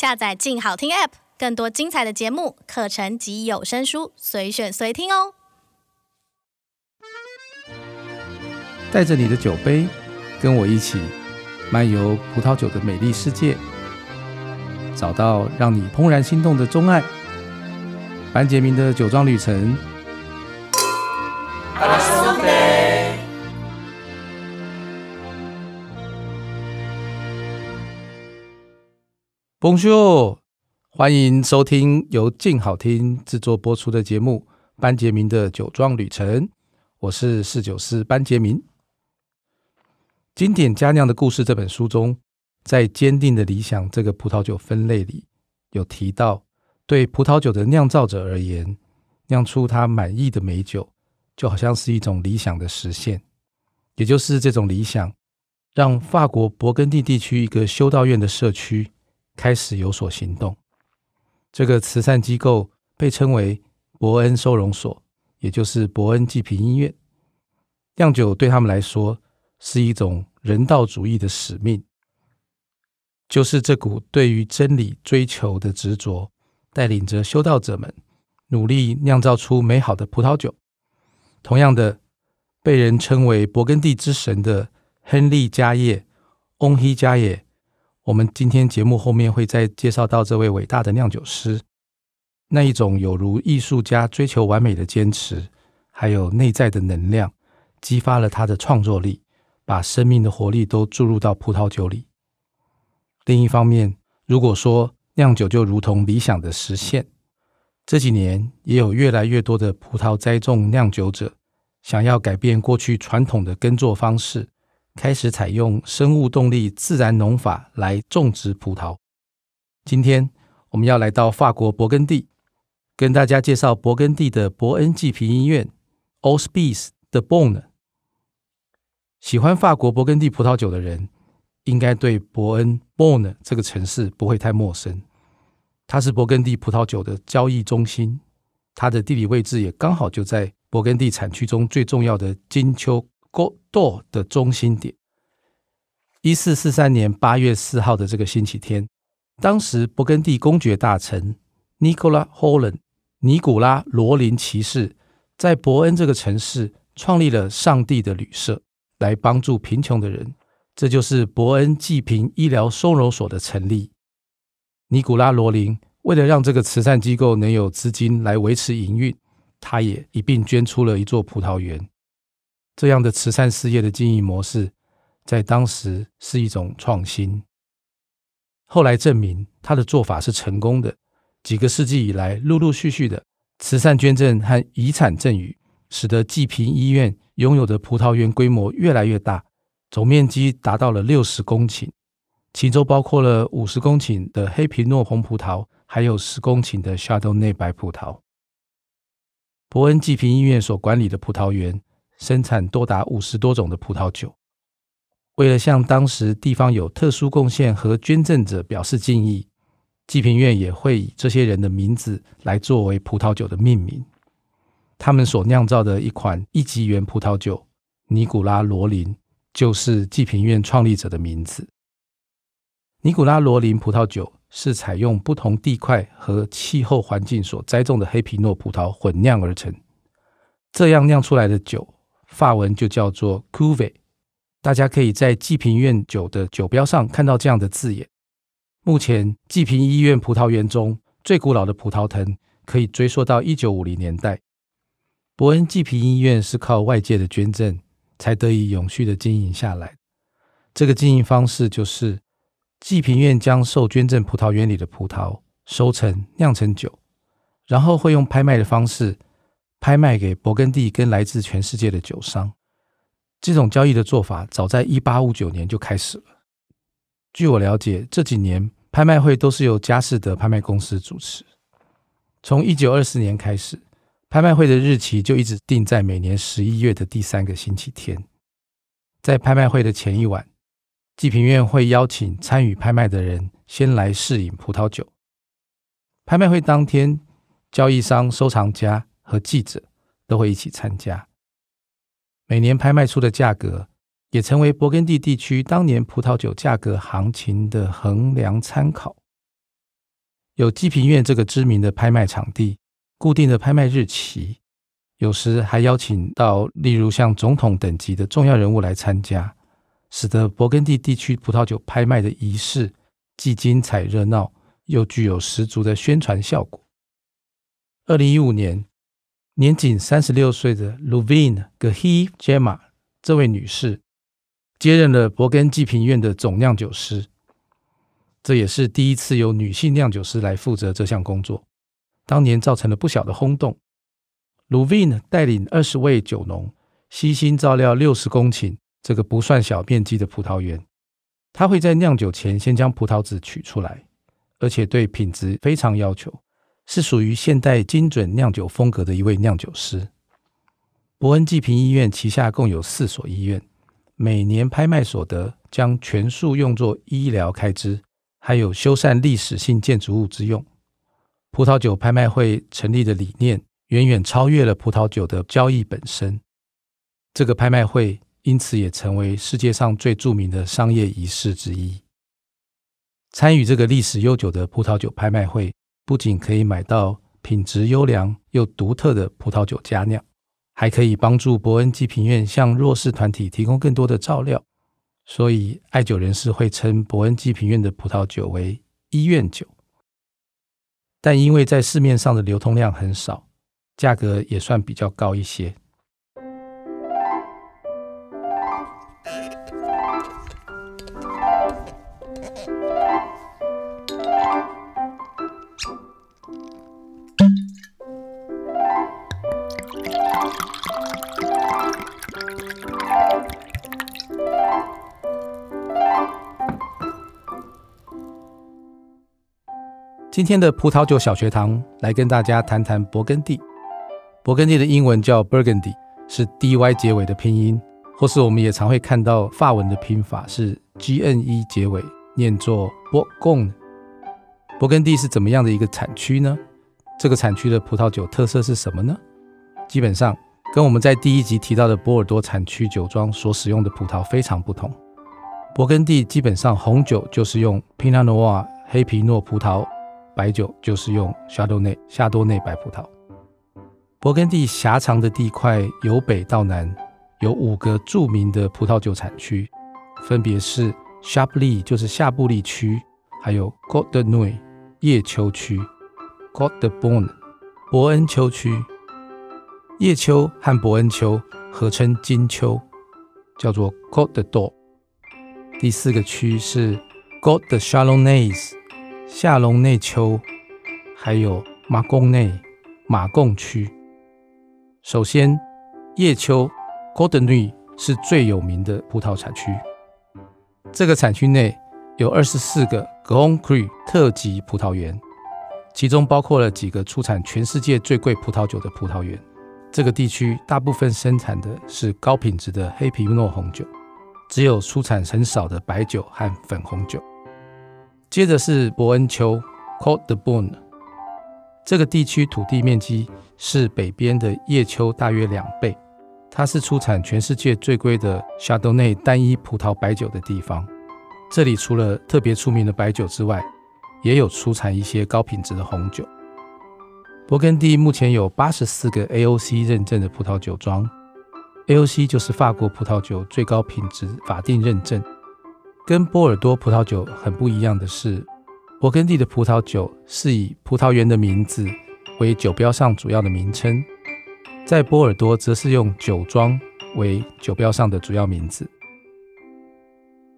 下載“鏡好聽 ”App，更多精彩的節目、課程及有聲書，隨選隨聽哦！帶着你的酒杯，跟我一起漫遊葡萄酒的美麗世界，找到讓你怦然心動的鍾愛。班傑銘的酒莊旅程。啊朋秀，Bonjour, 歡迎收聽由靜好聽製作播出的節目《班傑銘的酒莊旅程》。我是侍酒師班傑銘。《經典佳釀的故事》這本書中，在“堅定的理想”這個葡萄酒分類裡，有提到，對葡萄酒的釀造者而言，釀出他滿意的美酒，就好像是一種理想的實現。也就是這種理想，讓法國勃艮第地區一個修道院的社區。開始有所行動。這個慈善機構被稱為伯恩收容所，也就是伯恩濟貧醫院。釀酒對他們來說是一種人道主義的使命，就是這股對於真理追求的執着，帶領着修道者們努力釀造出美好的葡萄酒。同樣的，被人稱為勃艮第之神的亨利加葉·加葉·翁黑加葉。我們今天節目後面會再介紹到這位偉大的釀酒師，那一種有如藝術家追求完美的堅持，還有內在的能量，激發了他的創作力，把生命的活力都注入到葡萄酒裡。另一方面，如果說釀酒就如同理想的實現，這幾年也有越來越多的葡萄栽種釀酒者，想要改變過去傳統的耕作方式。開始採用生物動力自然農法來種植葡萄。今天我們要來到法國勃艮第，跟大家介紹勃艮第的伯恩濟貧醫院 Hospices de Beaune。喜歡法國勃艮第葡萄酒的人，應該對伯恩 Beaune 這個城市不會太陌生。它是勃艮第葡萄酒的交易中心，它的地理位置也剛好就在勃艮第產區中最重要的金丘。o 舵的中心點。一四四三年八月四號的這個星期天，當時勃艮第公爵大臣 Nicolas, 尼古拉·霍倫（尼古拉·羅林騎士）在伯恩這個城市創立了上帝的旅社，來幫助貧窮的人。這就是伯恩濟貧醫療收容所的成立。尼古拉·羅林為了讓這個慈善機構能有資金來維持營運，他也一併捐出了一座葡萄園。這樣的慈善事業的經營模式，在當時是一種創新。後來證明他的做法是成功的。幾個世紀以來，陸陸續續的慈善捐贈和遺產贈與，使得濟貧醫院擁有的葡萄園規模越來越大，總面積達到了六十公頃，其中包括了五十公頃的黑皮諾紅葡萄，還有十公頃的夏多內白葡萄。伯恩濟貧醫院所管理的葡萄園，生產多達五十多種的葡萄酒。為了向當時地方有特殊貢獻和捐贈者表示敬意，濟貧院也會以這些人的名字來作為葡萄酒的命名。他們所釀造的一款一級園葡萄酒——尼古拉羅林，就是濟貧院創立者的名字。尼古拉羅林葡萄酒是採用不同地塊和氣候環境所栽種的黑皮諾葡萄混釀而成，這樣釀出來的酒，法文就叫做 Cuvée，大家可以在濟貧院酒的酒標上看到這樣的字眼。目前濟貧醫院葡萄園中最古老的葡萄藤可以追溯到一九五零年代。伯恩濟貧醫院是靠外界的捐贈才得以永續地經營下來。這個經營方式就是濟貧院將受捐贈葡萄園裡的葡萄收成釀成酒，然後會用拍賣的方式。拍賣給勃艮第跟來自全世界的酒商，這種交易的做法早在一八五九年就開始了。據我了解，這幾年拍賣會都是由佳士得拍賣公司主持。從一九二四年開始，拍賣會的日期就一直定在每年十一月的第三個星期天。在拍賣會的前一晚，濟貧院會邀請參與拍賣的人先來試飲葡萄酒。拍賣會當天，交易商、收藏家，和記者都會一起參加。每年拍賣出的價格，也成為勃艮第地區當年葡萄酒價格行情的衡量參考。有濟貧院這個知名的拍賣場地、固定的拍賣日期，有時還邀請到例如像總統等級的重要人物來參加，使得勃艮第地區葡萄酒拍賣的儀式既精彩熱鬧，又具有十足的宣傳效果。二零一五年。年僅三十六歲的 Luvine Gehi Gemma 這位女士接任了伯恩濟貧院的總釀酒師，這也是第一次由女性釀酒師來負責這項工作，當年造成了不小的轟動。Luvine 帶領二十位酒農悉心照料六十公頃這個不算小面積的葡萄園，她會在釀酒前先將葡萄籽取出來，而且對品質非常要求。是屬於現代精準釀酒風格的一位釀酒師。伯恩濟貧醫院旗下共有四所醫院，每年拍賣所得將全數用作醫療開支，還有修繕歷史性建築物之用。葡萄酒拍賣會成立的理念遠遠超越了葡萄酒的交易本身，這個拍賣會因此也成為世界上最著名的商業儀式之一。參與這個歷史悠久的葡萄酒拍賣會。不僅可以買到品質優良又獨特的葡萄酒佳釀，還可以幫助伯恩濟貧院向弱勢團體提供更多的照料。所以，愛酒人士會稱伯恩濟貧院的葡萄酒為“醫院酒”，但因為在市面上的流通量很少，價格也算比較高一些。今天的葡萄酒小學堂來跟大家談談勃艮第。勃艮第的英文叫 Burgundy，是 dy 結尾的拼音，或是我們也常會看到法文的拼法是 GNE 結尾，念作 Bourgogne。勃艮第是怎麼樣的一個產區呢？這個產區的葡萄酒特色是什麼呢？基本上跟我們在第一集提到的波爾多產區酒莊所使用的葡萄非常不同。勃艮第基本上紅酒就是用 Pinot Noir 黑皮諾葡萄。白酒就是用霞多內、夏多內白葡萄。勃艮第狹長的地塊，由北到南有五個著名的葡萄酒產區，分別是夏布利，就是夏布利區；還有葛德內夜丘區、葛德 Bone 伯恩丘區。夜丘和伯恩丘合稱金丘，叫做葛德多。第四個區是葛德沙隆奈斯。夏隆內丘，還有馬貢內，馬貢區。首先，夜丘 Côte de Nuits 是最有名的葡萄產區。這個產區內有二十四個 Grand Cru 特級葡萄園，園，其中包括了幾個出產全世界最貴葡萄酒的葡萄園。這個地區大部分生產的是高品質的黑皮諾紅酒，只有出產很少的白酒和粉紅酒。接着是伯恩丘 Côte de Beaune 這個地區土地面積是北邊的葉丘大約兩倍，它是出產全世界最貴的夏多內單一葡萄白酒的地方。這裡除了特別出名的白酒之外，也有出產一些高品質的紅酒。勃艮第目前有八十四個 AOC 認證的葡萄酒莊，AOC 就是法國葡萄酒最高品質法定認證。跟波爾多葡萄酒很不一樣的是，勃艮第的葡萄酒是以葡萄園的名字為酒標上主要的名稱，在波爾多則是用酒莊為酒標上的主要名字。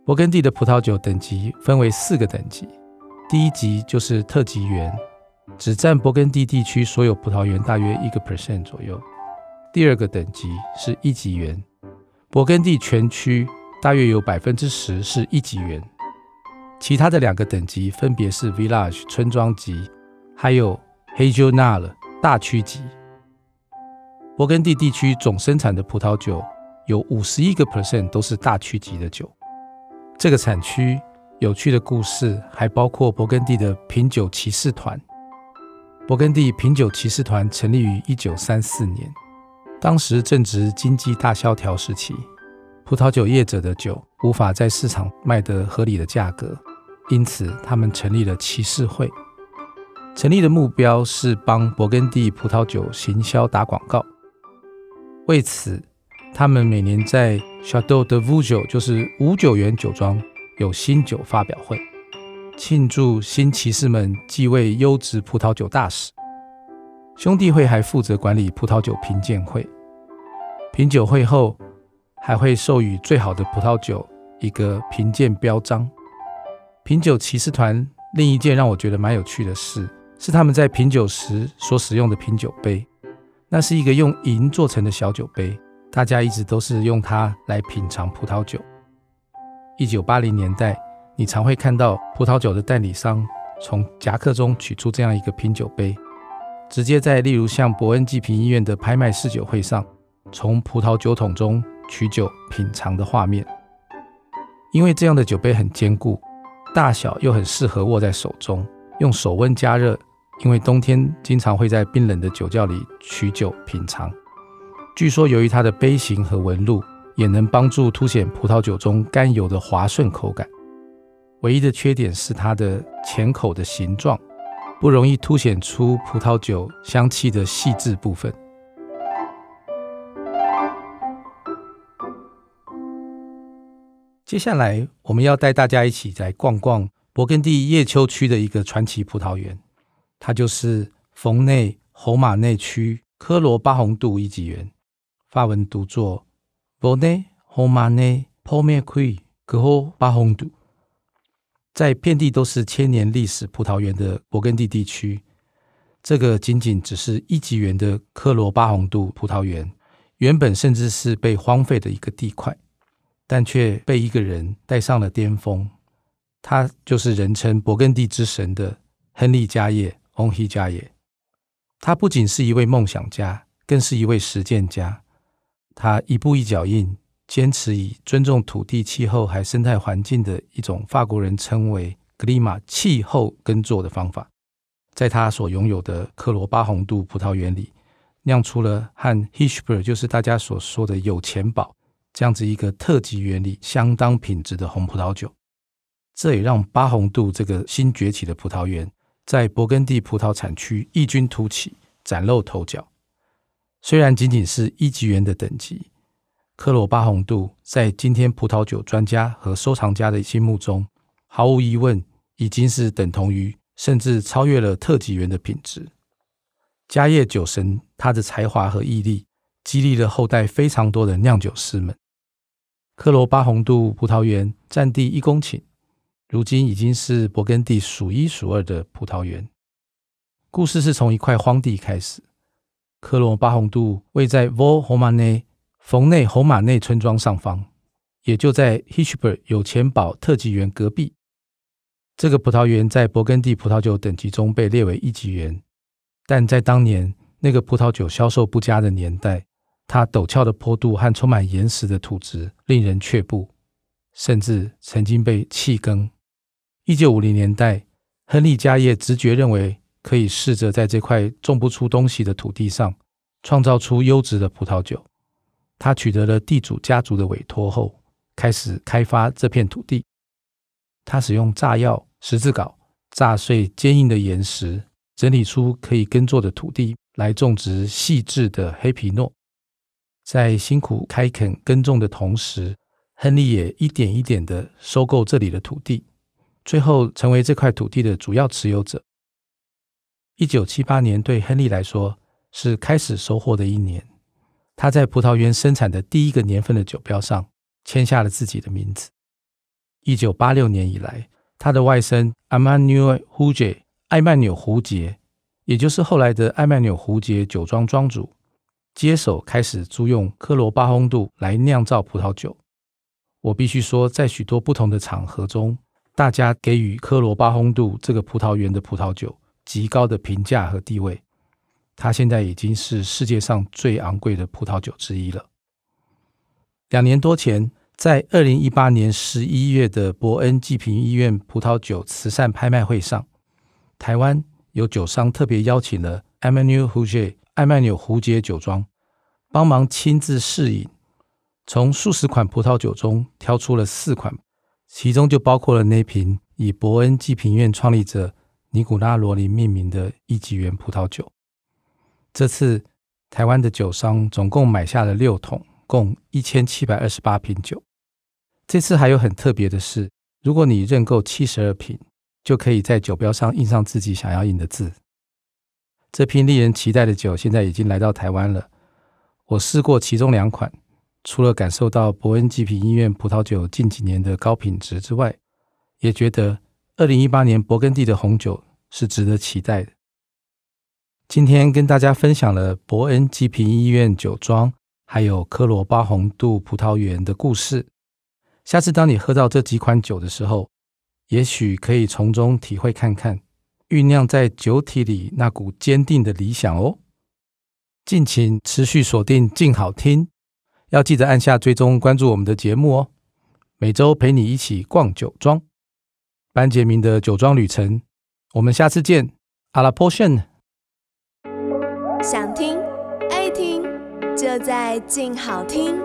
勃艮第的葡萄酒等級分為四個等級，第一級就是特級園，只占勃艮第地區所有葡萄園大約一個 percent 左右。第二個等級是一級園，勃艮第全區。大約有百分之十是一級園，其他的兩個等級分別是 Village 村莊級，還有 Régionale 大區級。勃艮第地區總生產的葡萄酒有五十一個 percent 都是大區級的酒。這個產區有趣的故事還包括勃艮第的品酒騎士團。勃艮第品酒騎士團成立於一九三四年，當時正值經濟大蕭條時期。葡萄酒業者的酒無法在市場賣得合理的價格，因此他們成立了騎士會。成立的目標是幫勃艮第葡萄酒行銷打廣告。為此，他們每年在 Château de Vougeot，就是伏舊園酒莊，有新酒發表會，慶祝新騎士們繼位優質葡萄酒大使。兄弟會還負責管理葡萄酒品鑑會。品酒會後，還會授予最好的葡萄酒一個品鑑標章。品酒騎士團另一件讓我覺得蠻有趣的事，是他們在品酒時所使用的品酒杯，那是一個用銀做成的小酒杯，大家一直都是用它來品嘗葡萄酒。一九八零年代，你常會看到葡萄酒的代理商從夾克中取出這樣一個品酒杯，直接在例如像伯恩濟貧醫院的拍賣試酒會上，從葡萄酒桶中取酒品嘗的畫面，因為這樣的酒杯很堅固，大小又很適合握在手中，用手溫加熱。因為冬天經常會在冰冷的酒窖裡取酒品嘗。據說由於它的杯型和紋路，也能幫助凸顯葡萄酒中甘油的滑順口感。唯一的缺點是它的淺口的形狀，不容易凸顯出葡萄酒香氣的細緻部分。接下來，我們要帶大家一起來逛逛勃艮第夜丘區的一個傳奇葡萄園，它就是馮內侯馬內區科羅巴紅度一級園，法文讀作 Vonné 侯馬內 Pommier 科羅巴紅度。在遍地都是千年歷史葡萄園的勃艮第地，地區，這個僅僅只是一級園的科羅巴紅度葡萄園，原本甚至是被荒廢的一個地塊。但卻被一個人帶上了巔峰，他就是人稱勃艮第之神的亨利家業·加葉 o n he 加葉）。他不僅是一位夢想家，更是一位實踐家。他一步一腳印，堅持以尊重土地、氣候還生態環境的一種法國人稱為“格利馬氣候耕作的方法，在他所擁有的克羅巴紅度葡萄園裡，釀出了和 h i c h b e r 就是大家所說的有錢寶這樣子一個特級園裡相當品質的紅葡萄酒，這也讓巴紅度這個新崛起的葡萄園在勃艮第葡萄產區異軍突起，嶄露頭角。雖然僅僅是一級園的等級，科羅巴紅度在今天葡萄酒專家和收藏家的心目中，毫無疑問已經是等同於甚至超越了特級園的品質。賈葉酒神他的才華和毅力，激勵了後代非常多的釀酒師們。克羅巴紅渡葡萄園佔地一公頃，如今已經是勃艮第數一數二的葡萄園。故事是從一塊荒地開始。克羅巴紅渡位在沃紅馬內馮內侯馬內村莊上方，也就在 Richebourg 有錢堡特級園隔壁。這個葡萄園在勃艮第葡萄酒等級中被列為一級園，但在當年那個葡萄酒銷售不佳的年代。它陡峭的坡度和充滿岩石的土質令人卻步，甚至曾經被棄耕。一九五零年代，亨利·加葉直覺認為可以試着在這塊種不出東西的土地上創造出優質的葡萄酒。他取得了地主家族的委託後，開始開發這片土地。他使用炸藥、十字鎬，炸碎堅硬的岩石，整理出可以耕作的土地，來種植細緻的黑皮諾。在辛苦開墾耕種的同時，亨利也一點一點地收購這裡的土地，最後成為這塊土地的主要持有者。一九七八年對亨利來說是開始收穫的一年，他在葡萄園生產的第一個年份的酒標上簽下了自己的名字。一九八六年以來，他的外甥阿曼紐·胡杰（艾曼紐·胡杰）也就是後來的艾曼紐·胡杰酒莊莊主。接手開始租用科羅巴烘度來釀造葡萄酒。我必須說，在許多不同的場合中，大家給予科羅巴烘度這個葡萄園的葡萄酒極高的評價和地位。它現在已經是世界上最昂貴的葡萄酒之一了。兩年多前，在二零一八年十一月的伯恩濟貧醫院葡萄酒慈善拍賣會上，台灣有酒商特別邀請了 Emmanuel Rouget 艾曼紐胡傑酒莊幫忙親自試飲，從數十款葡萄酒中挑出了四款，其中就包括了那瓶以伯恩濟貧院創立者尼古拉羅林命名的一級園葡萄酒。這次台灣的酒商總共買下了六桶，共一千七百二十八瓶酒。這次還有很特別的是，如果你認購七十二瓶，就可以在酒標上印上自己想要印的字。這批令人期待的酒現在已經來到台灣了。我試過其中兩款，除了感受到伯恩濟貧醫院葡萄酒近幾年的高品質之外，也覺得二零一八年勃艮第的紅酒是值得期待的。今天跟大家分享了伯恩濟貧醫院酒莊還有科羅巴紅度葡萄園的故事。下次當你喝到這幾款酒的時候，也許可以從中體會看看。醞釀在酒體裡那股堅定的理想哦，敬請持續鎖定靜好聽，要記得按下追蹤關注我們的節目哦，每週陪你一起逛酒莊，班傑銘的酒莊旅程，我們下次見，阿拉波遜，想聽愛聽就在靜好聽。